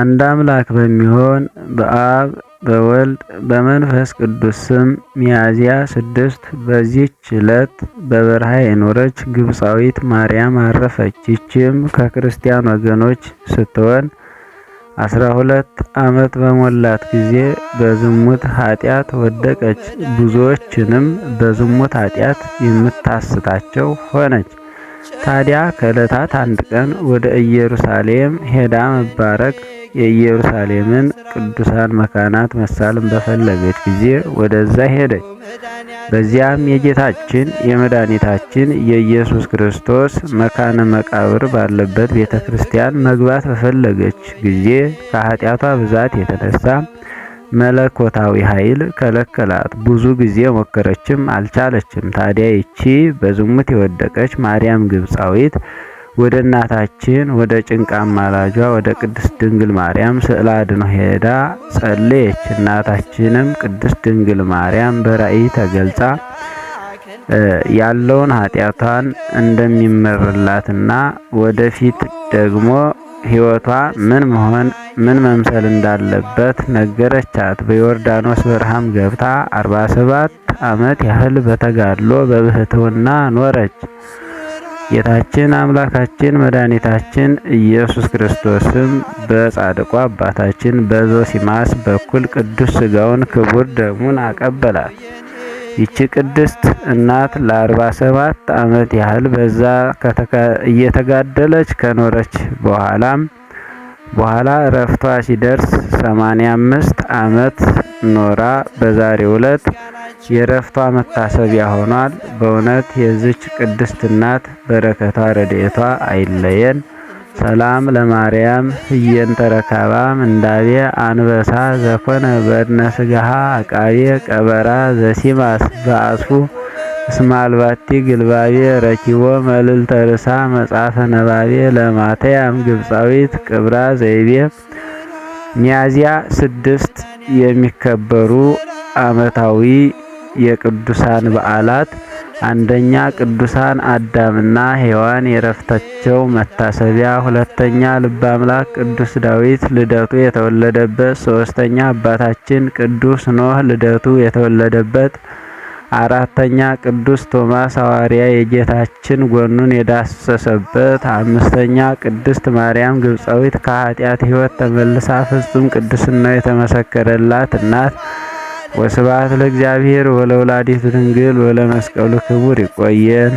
አንድ አምላክ በሚሆን በአብ በወልድ በመንፈስ ቅዱስ ስም ሚያዝያ ስድስት በዚች ዕለት በበረሃ የኖረች ግብፃዊት ማርያም አረፈች። ይችም ከክርስቲያን ወገኖች ስትሆን አስራ ሁለት ዓመት በሞላት ጊዜ በዝሙት ኃጢአት ወደቀች። ብዙዎችንም በዝሙት ኃጢአት የምታስታቸው ሆነች። ታዲያ ከዕለታት አንድ ቀን ወደ ኢየሩሳሌም ሄዳ መባረክ የኢየሩሳሌምን ቅዱሳን መካናት መሳልም በፈለገች ጊዜ ወደዛ ሄደች። በዚያም የጌታችን የመድኃኒታችን የኢየሱስ ክርስቶስ መካነ መቃብር ባለበት ቤተ ክርስቲያን መግባት በፈለገች ጊዜ ከኃጢአቷ ብዛት የተነሳ መለኮታዊ ኃይል ከለከላት። ብዙ ጊዜ ሞከረችም፣ አልቻለችም። ታዲያ ይቺ በዝሙት የወደቀች ማርያም ግብፃዊት ወደ እናታችን ወደ ጭንቃን ማላጇ ወደ ቅድስት ድንግል ማርያም ስዕለ አድኅኖ ሄዳ ጸለየች። እናታችንም ቅድስት ድንግል ማርያም በራእይ ተገልጻ ያለውን ኃጢአቷን እንደሚመርላትና ወደፊት ደግሞ ሕይወቷ ምን መሆን ምን መምሰል እንዳለበት ነገረቻት። በዮርዳኖስ በረሃም ገብታ 47 ሰባት ዓመት ያህል በተጋድሎ በብህትውና ኖረች። ጌታችን አምላካችን መድኃኒታችን ኢየሱስ ክርስቶስም በጻድቁ አባታችን በዞሲማስ በኩል ቅዱስ ሥጋውን ክቡር ደሙን አቀበላት። ይቺ ቅድስት እናት ለ47 ዓመት ያህል በዛ እየተጋደለች ከኖረች በኋላም በኋላ እረፍቷ ሲደርስ 85 አምስት ዓመት ኖራ በዛሬው ዕለት የእረፍቷ መታሰቢያ ሆኗል። በእውነት የዚች ቅድስት እናት በረከቷ ረድኤቷ አይለየን። ሰላም ለማርያም ህየን ተረካባ ምንዳቤ አንበሳ ዘኮነ በነስጋሃ ስጋሃ አቃቤ ቀበራ ዘሲማስ በአስፉ ስማልባቲ ግልባቤ ረኪቦ መልል ተርሳ መጽሐፈ ነባቤ ለማተያም ግብፃዊት ቅብራ ዘይቤ። ሚያዝያ ስድስት የሚከበሩ ዓመታዊ የቅዱሳን በዓላት፣ አንደኛ ቅዱሳን አዳምና ሔዋን የዕረፍታቸው መታሰቢያ፣ ሁለተኛ ልበ አምላክ ቅዱስ ዳዊት ልደቱ የተወለደበት፣ ሶስተኛ አባታችን ቅዱስ ኖህ ልደቱ የተወለደበት አራተኛ ቅዱስ ቶማስ ሐዋርያ የጌታችን ጎኑን የዳሰሰበት። አምስተኛ ቅድስት ማርያም ግብፃዊት ከኃጢአት ሕይወት ተመልሳ ፍጹም ቅድስናው የተመሰከረላት እናት። ወስብሐት ለእግዚአብሔር ወለወላዲቱ ድንግል ወለመስቀሉ ክቡር። ይቆየን።